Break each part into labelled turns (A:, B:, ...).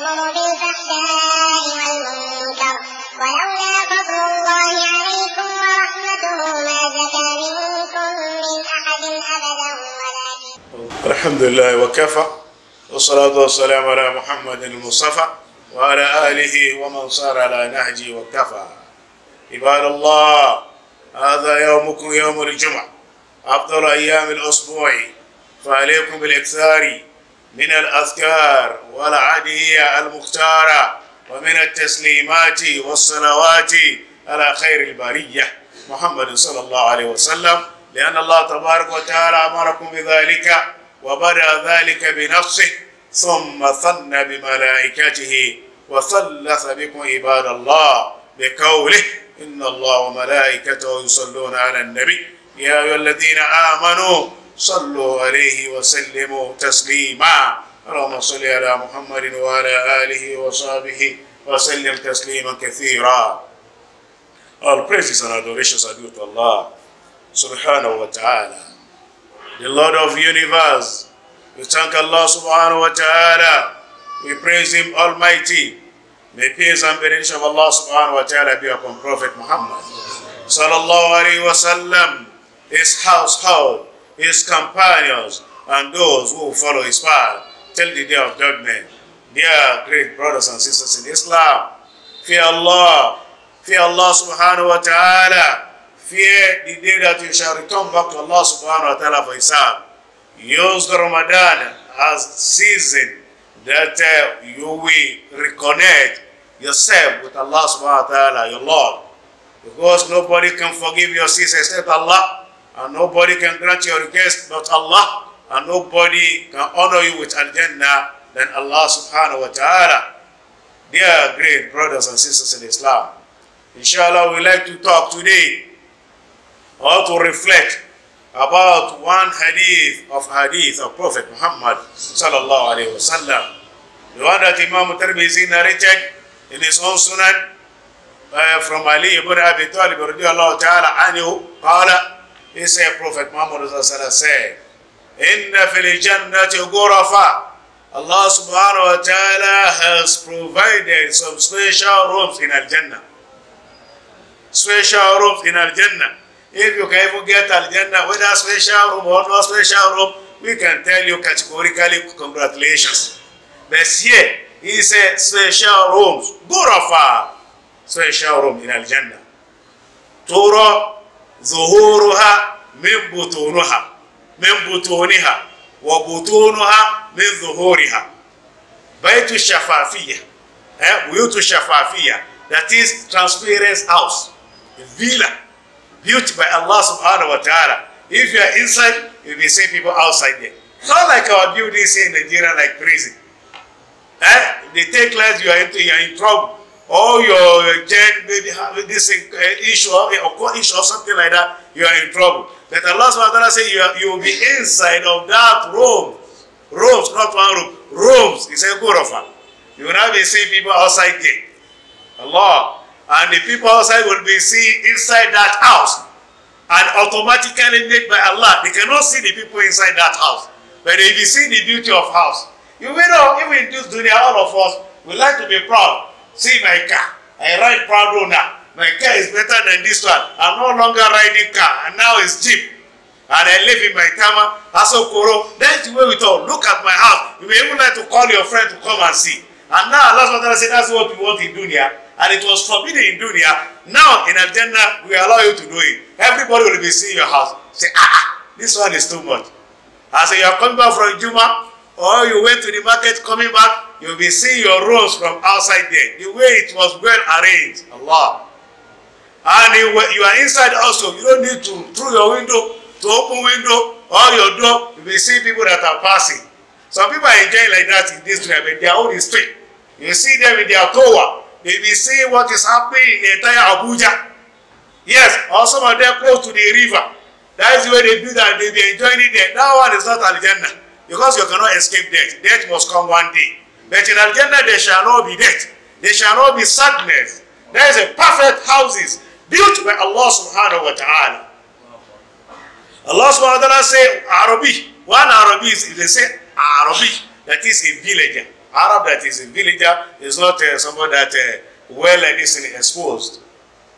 A: ويأمر بالفحشاء والمنكر ولولا فضل الله عليكم ورحمته ما زكى منكم من أحد أبدا ولكن الحمد لله وكفى والصلاة والسلام على محمد المصطفى وعلى آله ومن صار على نهجه وكفى عباد الله هذا يومكم يوم الجمعة أفضل أيام الأسبوع فعليكم بالإكثار من الأذكار والعادية المختارة ومن التسليمات والصلوات على خير البرية محمد صلى الله عليه وسلم لأن الله تبارك وتعالى أمركم بذلك وبدأ ذلك بنفسه ثم ثنى بملائكته وثلث بكم عباد الله بقوله إن الله وملائكته يصلون على النبي يا أيها الذين آمنوا صلوا عليه وسلموا تسليما اللهم صل على محمد وعلى آله وصحبه وسلم تسليما كثيرا All praises and adorations are due to Allah subhanahu wa ta'ala the Lord of the universe we thank Allah subhanahu wa ta'ala we praise him almighty may peace and benediction of Allah subhanahu wa ta'ala be upon Prophet Muhammad sallallahu alayhi wa sallam his household his companions, and those who follow his path till the day of judgment. Dear great brothers and sisters in Islam, fear Allah, fear Allah subhanahu wa ta'ala, fear the day that you shall return back to Allah subhanahu wa ta'ala for Islam.
B: Use the
A: Ramadan as season that uh, you will reconnect yourself with Allah subhanahu wa ta'ala, your Lord. Because nobody can forgive your sins except Allah. And nobody can grant your request but Allah. And nobody can honor you with Al-Jannah than Allah subhanahu wa ta'ala. Dear great brothers and sisters in Islam, inshallah we like to talk today or to reflect about one hadith of hadith of Prophet Muhammad sallallahu alayhi wasallam. The one that Imam Tirmizi narrated in his own sunan uh, from Ali ibn Abi Talib radiallahu ta'ala anhu, He said, Prophet Muhammad said, Inna fil jannati ghurafa. Allah subhanahu wa ta'ala has provided some special rooms in Al-Jannah. Special rooms in Al-Jannah. If you can even get Al-Jannah, a special room or no special room, we can tell you categorically, congratulations. But here, he said special rooms, Gurafa, special room in Al-Jannah. Torah ظهورها من butunuha من butuniha wa butunuha min zuhuriha baitu shafafiya eh buyutu shafafiya that is transparent house a villa built by Allah subhanahu wa ta'ala if you are inside you will see people outside there not like our buildings here in Nigeria like prison eh they take less you are into you are in trouble all your uh, gen, have this uh, issue or issue or something like that, you are in trouble. But Allah subhanahu wa ta'ala says you, you will be inside of that room. Rooms, not one room. Rooms. It's a gurafa. You will not be seeing people outside gate. Allah. And the people outside will be seen inside that house. And automatically made by Allah. They cannot see the people inside that house. But if you see the beauty of house, you know, even in this dunya, all of us, we like to be proud. See my car. I ride proud owner. My car is better than this one. I'm no longer riding car, and now it's Jeep. And I live in my Tama, Asokoro. That's the way we talk. Look at my house. You may even like to call your friend to come and see. And now last Allah I said that's what we want in Dunia. And it was forbidden in Dunia. Now in Agenda we allow you to do it. Everybody will be seeing your house. Say, ah, ah, this one is too much. I say, you are coming back from Juma, or you went to the market coming back, You'll be seeing your roles from outside there. The way it was well arranged. Allah. And you are inside also. You don't need to, through your window, to open window or your door, you will see people that are passing. Some people are enjoying like that in this time, but their own street. straight. You see them in their tower. They will see what is happening in the entire Abuja. Yes, or some of them close to the river. That is the way they do that. They will be enjoying it there. That one is not Aljanna because you cannot escape death. Death must come one day. But in Al Jannah there shall not be death. There shall not be sadness. There is a perfect houses built by Allah subhanahu wa ta'ala. Allah subhanahu wa ta'ala say Arabi. One Arabi is they say Arabi, that is a villager. Arab that is a villager is not uh, someone that uh, well and is exposed.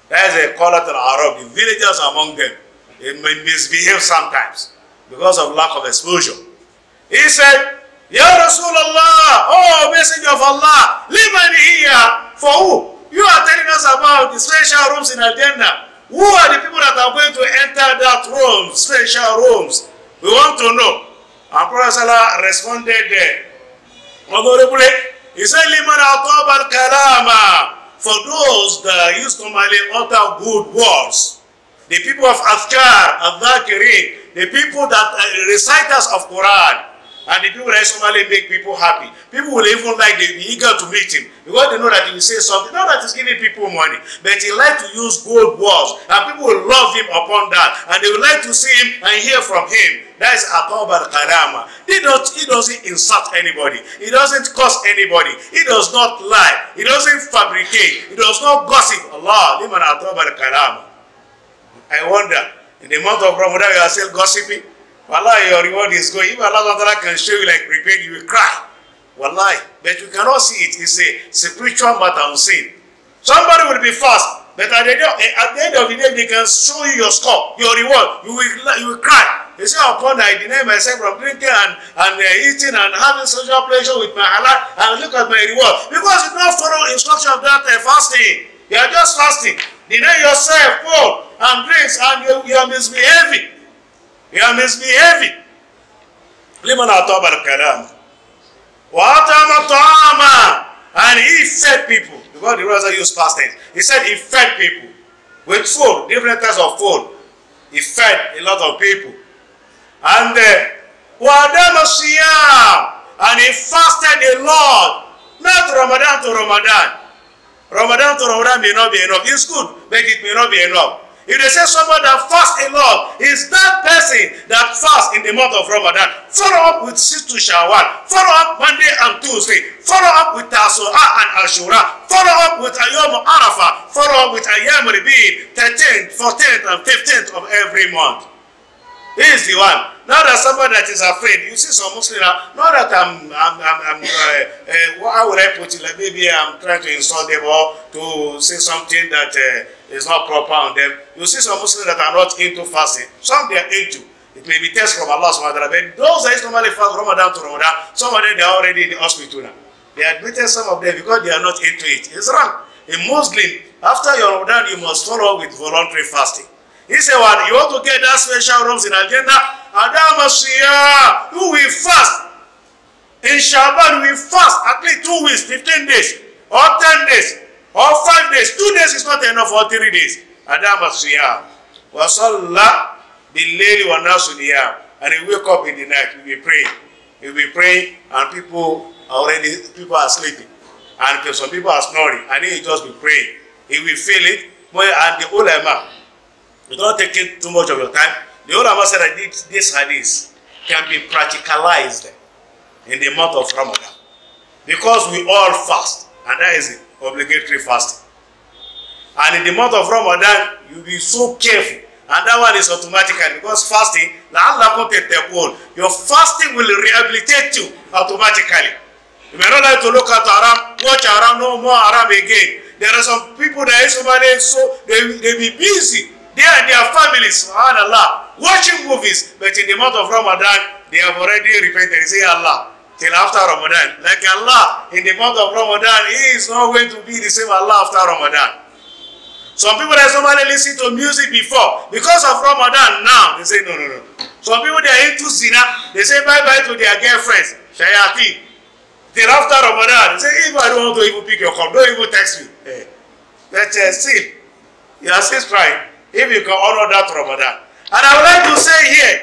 A: That is a call to Arab. The villagers among them it may misbehave sometimes because of lack of exposure. He said, Ya Rasulullah, oh Messenger of Allah, liman hiya, for who? You are telling us about the special rooms in al Who are the people that are going to enter that room, special rooms? We want to know. And Prophet responded there. Honorable, he said, liman atab al-kalama, for those that used to normally utter good words. The people of Afkar, Adhakirin, the people that are uh, reciters of Quran, and the people that normally make people happy people will even like they be eager to meet him because they know that he will say something not that he's giving people money but he like to use gold words and people will love him upon that and they will like to see him and hear from him that is akobal karama he don't he doesn't insult anybody he doesn't curse anybody he does not lie he doesn't fabricate he does not gossip allah liman akobal karama i wonder in the month of ramadan you are still gossiping Wallahi, your reward is going. If Allah Ta'ala can show you like prepared, you will cry. Wallahi. But you cannot see it. It's a spiritual matter of sin. Somebody will be fast, but eh, at the, end of the day, they can show you your score, your reward. You will, you will cry. You say, upon I deny myself from drinking and, and uh, eating and having social pleasure with my halal, and look at my reward. Because you do not follow instruction of that uh, fasting. You are just fasting. Deny yourself food and drinks, and you, you are misbehaving. You are misbehaving. لمن أطاب الكلام وأطعم الطعام and he fed people because the Raza used past tense he said he fed people with food different types of food he fed a lot of people and وأدام uh, الصيام and he fasted a lot not Ramadan to Ramadan Ramadan to Ramadan may not be enough it's good but it may not be enough If they say someone that fasts a lot, is that person that fasts in the month of Ramadan. Follow up with Situ Shawwal. Follow up Monday and Tuesday. Follow up with Tasu'a and Ashura. Follow up with Ayom Arafah. Follow up with Ayam Ribin, 13th, 14th, and 15th of every month. This is the one. Not that somebody that is afraid, you see some Muslims now, not that I'm, I'm, I'm, I'm uh, uh, how would I put it? Like maybe I'm trying to insult them or to say something that uh, is not proper on them. You see some Muslims that are not into fasting. Some they are into. It may be test from Allah subhanahu wa ta'ala. those that is normally fast Ramadan to Ramadan, some of them they are already in the hospital now. They admitted some of them because they are not into it. It's wrong. A Muslim, after your Ramadan, you must follow with voluntary fasting. He said, well, you want to get that special rooms in agenda? jannah who we fast. In Shaban, we fast at least two weeks, 15 days, or 10 days, or five days. Two days is not enough for three days. Adam Masiyah. Wasalla Bileli Wanasuniyah. And he wake up in the night, he be praying, He be praying, and people already, people are sleeping. And some people are snoring, and he just be praying. He will feel it, and the ulama, without taking too much of your time, the ulama said that this, this hadith can be practicalized in the month of Ramadan. Because we all fast, and that is obligatory fasting. And in the month of Ramadan, you be so careful. And that one is automatically because fasting, your fasting will rehabilitate you automatically. You may not like to look at haram, watch haram, no more haram again. There are some people that is somebody so they, they be busy they and their families, subhanAllah, watching movies, but in the month of Ramadan, they have already repented. say, Allah, till after Ramadan. Like Allah, in the month of Ramadan, He is not going to be the same Allah after Ramadan. Some people that normally listen to music before, because of Ramadan now, they say, no, no, no. Some people, they are into zina, they say bye-bye to their girlfriends, shayateen. Till after Ramadan, they say, if I don't want to even pick your call, don't even text me. Hey. Eh, That's a sin. You are still trying if you can honor that Ramadan. And I would like to say here,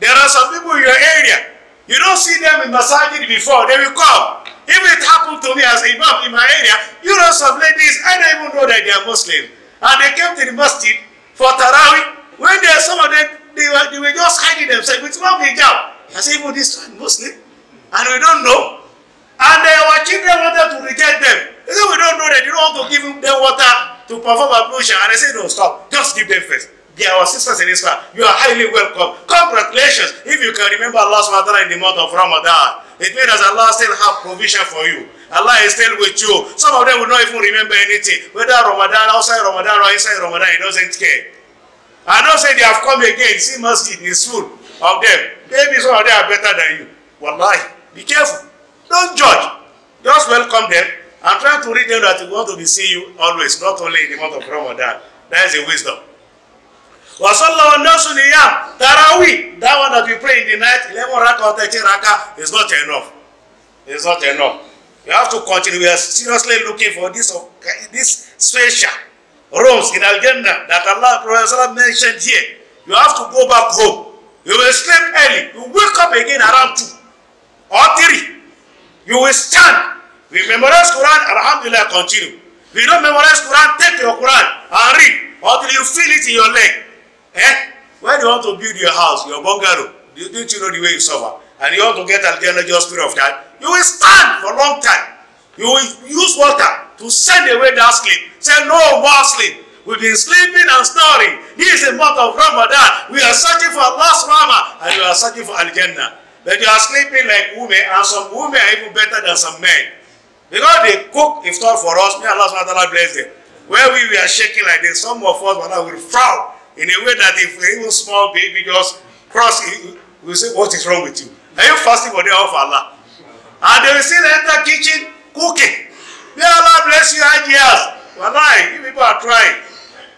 A: there are some people in your area, you don't see them in masajid before, they will come. If it happened to me as imam in my area, you know some ladies, I don't even know that they are Muslim. And they came to the masjid for Tarawih. When there are some of them, they were, they were just hiding themselves with one hijab. I said, even this one Muslim, and we don't know. And uh, our children wanted to reject them. They said, we don't know that you don't want to give them water to perform ablution and I say no stop just give them first they are our sisters in Islam you are highly welcome congratulations if you can remember Allah subhanahu in the month of Ramadan it means that Allah still have provision for you Allah is still with you some of them will not even remember anything whether Ramadan outside Ramadan or inside Ramadan he doesn't care I don't say they have come again see masjid is full of them maybe some of them are better than you wallahi be careful don't judge just welcome them And try to read them that we want to be seeing you always, not only in the month of Ramadan. That is a wisdom. Wasallahu nasu niyam, tarawih, that one that we pray in the night, 11 raka or 13 raka, is not enough. It's not enough. You have to continue. We are seriously looking for this, this special rooms in al that Allah Prophet mentioned here. You have to go back home. You will sleep early. You wake up again around 2 or 3. You will stand We memorize Quran, Alhamdulillah, continue. We don't memorize Quran, take your Quran and read until you feel it in your leg. Eh? When you want to build your house, your bungalow, you, don't you know the way you suffer? And you want to get a general spirit of that, you will stand for a long time. You will use water to send away that sleep. Say, no more sleep. We've been sleeping and snoring. This is the month of Ramadan. We are searching for Allah's Rama and we are searching for Al-Jannah. But you are sleeping like women and some women are even better than some men. Because they cook iftar for us, may Allah SWT bless them. Where we were shaking like this, some of us Allah, will frown in a way that if even small baby just cross, we say, what is wrong with you? Are you fasting for the of Allah? And they will still enter kitchen cooking. May Allah bless you, ideas. Wallahi, you people are trying.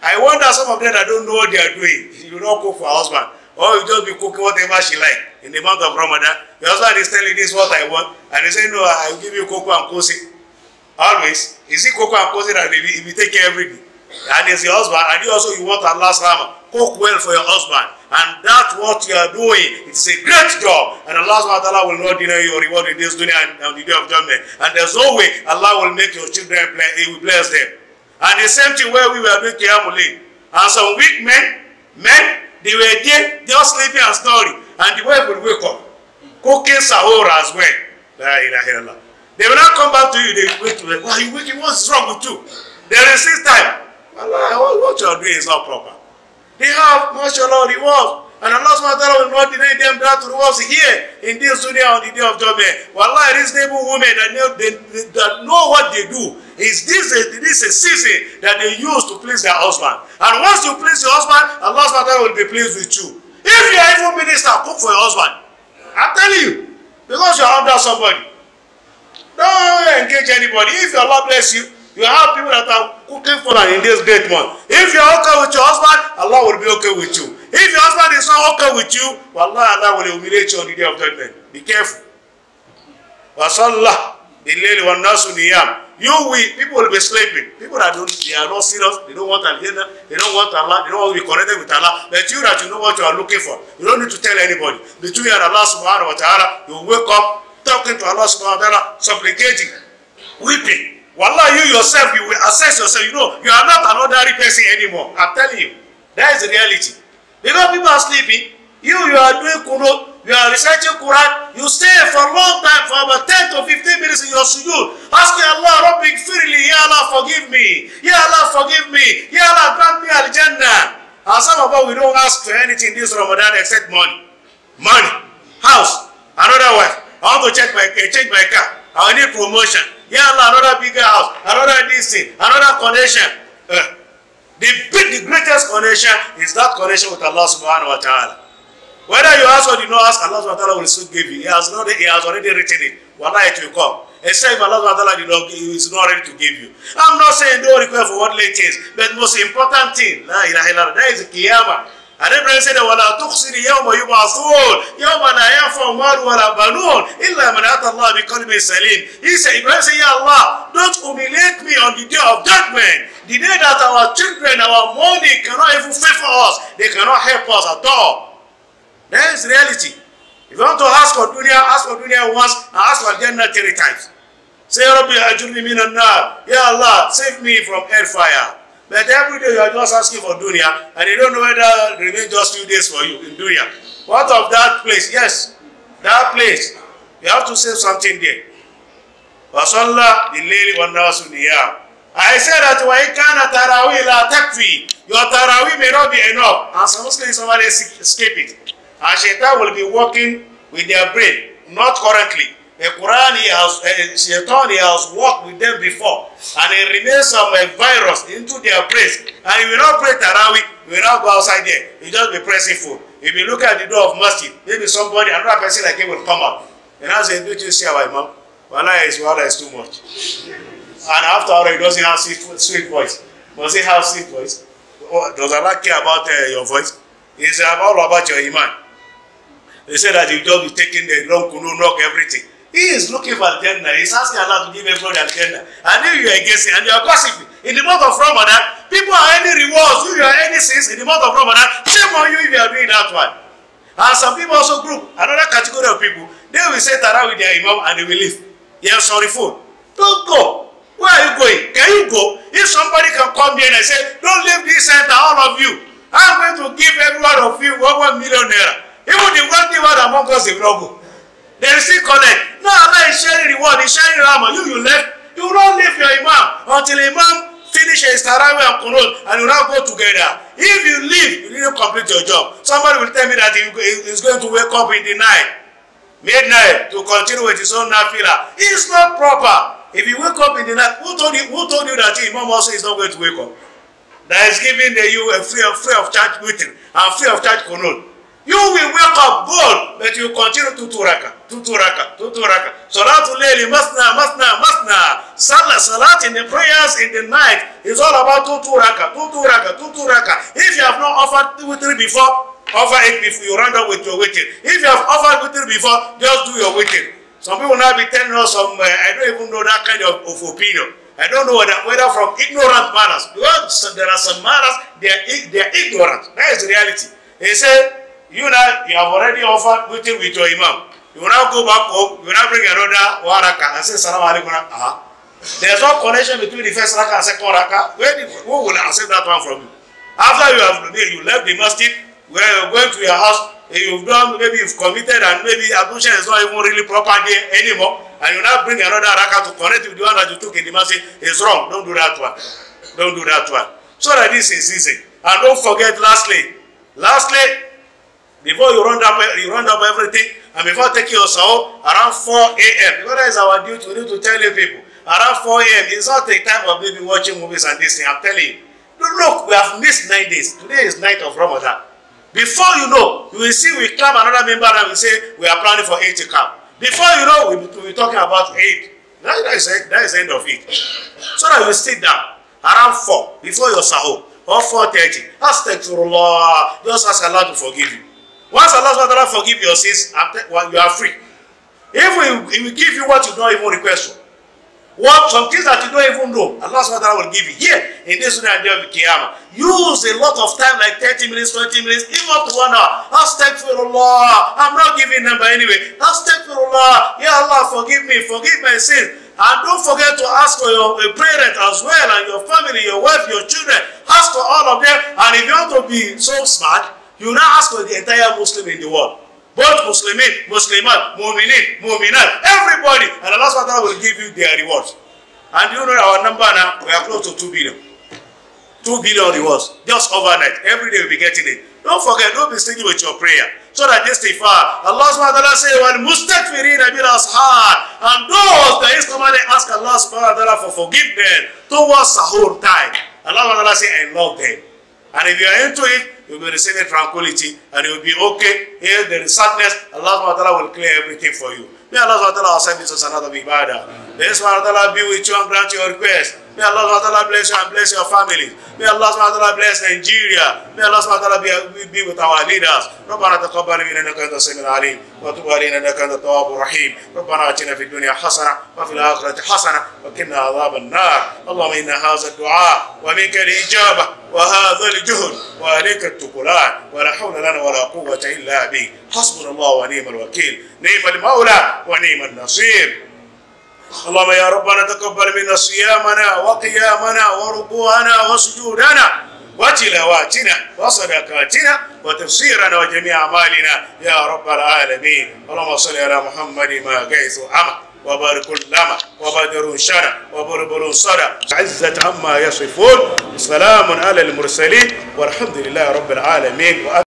A: I wonder some of them that don't know what they are doing. You don't cook for husband. Or you just be cooking whatever she like in the month of Ramadan. Your husband is telling this is what I want, and he said, No, I'll give you cocoa and kosi. Always. is it cocoa and kosi that he will take care every day. And it's your husband, and you also you want Allah's rahmah. Cook well for your husband. And that's what you are doing. It's a great job. And Allah subhanahu ta'ala will not deny your reward in this dunya and on the day of judgment. And there's no way Allah will make your children, He will bless them. And the same thing where we were doing Qiyamul And some weak men, men, they were there just sleeping and snoring and the wife will wake up cooking sahur as well la ilaha illallah they will not come back to you they wake you why you waking what's wrong with you they resist time wallahi what you are doing is not proper they have mashallah rewards and Allah subhanahu will not deny them that rewards here in this dunya on the day of judgment wallahi reasonable women that know, they, that know what they do is this a, this a season that they use to please their husband and once you please your husband Allah subhanahu will be pleased with you If you are evil minister, cook for your husband. I'm telling you. Because you are under somebody. Don't engage anybody. If your Lord bless you, you have people that are cooking for you in this great month. If you are okay with your husband, Allah will be okay with you. If your husband is not okay with you, Wallah, Allah will humiliate you on the day of judgment. Be careful. وَصَلَّهُ بِاللَّيْلِ وَالنَّاسُ نِيَامٍ You we people will be sleeping. People that don't, they are not serious, they don't want Al-Jannah, they don't want Allah, they don't want to be connected with Allah. But you that you know what you are looking for, you don't need to tell anybody. Between you and Allah subhanahu wa ta'ala, you wake up talking to Allah subhanahu wa ta'ala, supplicating, weeping. Wallah, you yourself, you will assess yourself. You know, you are not an ordinary person anymore. I'm telling you. That is the reality. Because people are sleeping, you, you are doing kunut, you are reciting Quran, you stay for a long time, for about ten to fifteen minutes in your sujood, asking Allah, rubbing freely, Ya Allah, forgive me, Ya Allah, forgive me, Ya Allah, grant me al And some of us, we don't ask for anything this Ramadan except money. Money, house, another wife, I want to check my, eh, change my car, I need promotion. Ya Allah, another bigger house, another DC, another connection. Uh, the, big, the greatest connection is that connection with Allah subhanahu wa ta'ala. Whether you ask or you not ask, Allah subhanahu will still give you. He has, not, he has already written it. Wallah, it will come. Except if Allah subhanahu is not ready to give you. I'm not saying don't request for what worldly is. but most important thing, la ilaha illallah, that is qiyamah. And then Brian said, وَلَا تُخْسِرِ يَوْمَ يُبْعَثُونَ يَوْمَ لَا يَنْفَعُ مَالٌ وَلَا بَنُونَ إِلَّا مَنْ أَتَى اللَّهَ بِقَلْبٍ سَلِيمٍ He said, Ibrahim said, Ya Allah, don't humiliate me on the day of judgment, the day that our children, our money cannot even favor us, they cannot help us at all. That is reality. If you want to ask for dunya, ask for dunya once and ask for Jannah three times. Say, Rabbi ajurni minan nar. Ya Allah, save me from hellfire. But every day you are just asking for dunya and you don't know whether remains just few days for you in dunya. What of that place? Yes, that place. You have to save something there. Wasalla lileli wa niyam. I said that wa ikana tarawih la takfi. Your tarawih may not be enough. And some Muslims somebody escape it. And Shaitan will be working with their brain, not currently. The Quran, he has, uh, Shaitan, he has worked with them before. And he remains some uh, virus into their brains. And you will not pray Tarawih, you will not go outside there. You just be pressing food. If you look at the door of masjid, maybe somebody, another person like him will come out. And I say, do you see our imam? Wala is, wala is too much. and after all, he doesn't have sweet, sweet voice. Does he have sweet voice? Does Allah care about uh, your voice? He It's all about your iman. They say that you just be taking the wrong kunu, knock everything. He is looking for al He is asking Allah to give everyone al And if you are against it and you are gossiping, in the month of Ramadan, people are any rewards, you are any sins in the month of Ramadan, shame on you if you are doing that one. And some people also group, another category of people, they will say Tara with their Imam and they will leave. They sorry for. Don't go. Where are you going? Can you go? If somebody can come here and say, don't leave this center, all of you. I am going to give everyone of you one one million naira. Even the wealthy one among us in Rogo. They still collect. No, Allah is sharing the reward, He's sharing the Rama. You, you left. You don't leave your Imam until Imam finishes his Tarawih and Quran, and you now go together. If you leave, you didn't complete your job. Somebody will tell me that he is going to wake up in the night, midnight, to continue with his own nafila. It's not proper. If you wake up in the night, who told you, who told you that your Imam also is not going to wake up? That is giving you a free, free of charge meeting and free of charge Quran. You will wake up bold, but you continue to two raka, to two raka, to two raka. Salatul layli, masna, masna, masna. Salah, salat in the prayers in the night is all about two two raka, two two raka, two two raka. If you have not offered witr before, offer it before you round up with your witr. If you have offered witr before, just do your witr. Some people now be telling us some, um, uh, I don't even know that kind of, of opinion. I don't know whether, whether from ignorant manners, because there are some manners, they are, they are ignorant. That is the reality. They say, you now you have already offered waiting with your imam. You now go back home, you now bring another one raka and say salam alaikum. Ah. Uh-huh. There's no connection between the first raka and second raka. Where did, who will accept that one from you? After you have you left the masjid, where you're going to your house, you've done maybe you've committed and maybe ablution is not even really proper there anymore, and you now bring another raka to connect with the one that you took in the masjid, it's wrong. Don't do that one. Don't do that one. So that this is easy. And don't forget, lastly, lastly, Before you round up, you round up everything, and before taking your soul around 4 a.m. Because that is our duty, we need to tell you people. Around 4 a.m. is not the time of maybe watching movies and this thing. I'm telling you. Look, we have missed nine days. Today is night of Ramadan. Before you know, you will see we clap another member and we say we are planning for eight to come. Before you know, we will be talking about eight. That, that, is, that is the end of it. So that you sit down around 4 before your sahur or 4.30. Ask Tekfurullah. Just ask Allah to forgive you. Once Allah SWT forgive your sins, you are free. If He will give you what you don't even request for. What, some things that you don't even know, Allah SWT will give you. Here, in this Sunnah Day of Qiyamah, use a lot of time, like 30 minutes, 20 minutes, even up to one hour. Astaghfirullah. I'm not giving number anyway. Astaghfirullah. Ya Allah, forgive me. Forgive my sins. And don't forget to ask for your parent as well, and your family, your wife, your children. Ask for all of them. And if you want to be so smart, You now ask for the entire Muslim in the world. Both Muslimin, Muslimat, Mu'minin, Mu'minat, everybody. And Allah SWT will give you their rewards. And you know our number now, we are close to 2 billion. 2 billion rewards, just overnight. Every day we'll be getting it. Don't forget, don't be stingy with your prayer. So that this istighfar, Allah subhanahu wa ta'ala say, Wal mustaghfirin bil ashar. And those that is commanded ask Allah subhanahu wa ta'ala for forgiveness towards sahur time. Allah subhanahu wa ta'ala say, I love them. And if you are into it, you'll be receiving tranquility, and you'll be okay. Here there is sadness, Allah will clear everything for you. May Allah SWT send this as another ibadah. May Allah SWT be with you and grant your request. May Allah SWT bless you and bless your family. May Allah SWT bless Nigeria. May Allah SWT be, be with our leaders. ربنا تقبل منا انك انت السميع العليم وتب علينا انك انت التواب الرحيم ربنا اتنا في الدنيا حسنه وفي الاخره حسنه وقنا عذاب النار اللهم ان هذا الدعاء ومنك الاجابه وهذا الجهد وعليك التكلان ولا حول لنا ولا قوه الا بك حسبنا الله ونعم الوكيل نعم المولى ونعم النصير اللهم يا ربنا تقبل منا صيامنا وقيامنا وركوعنا وسجودنا وتلاواتنا وصدقاتنا وتفسيرنا وجميع أعمالنا يا رب العالمين اللهم صل على محمد ما غيث أمك وبارك لما وبدر شرع وبربر صرع عزت عما يصفون سلام على المرسلين والحمد لله رب العالمين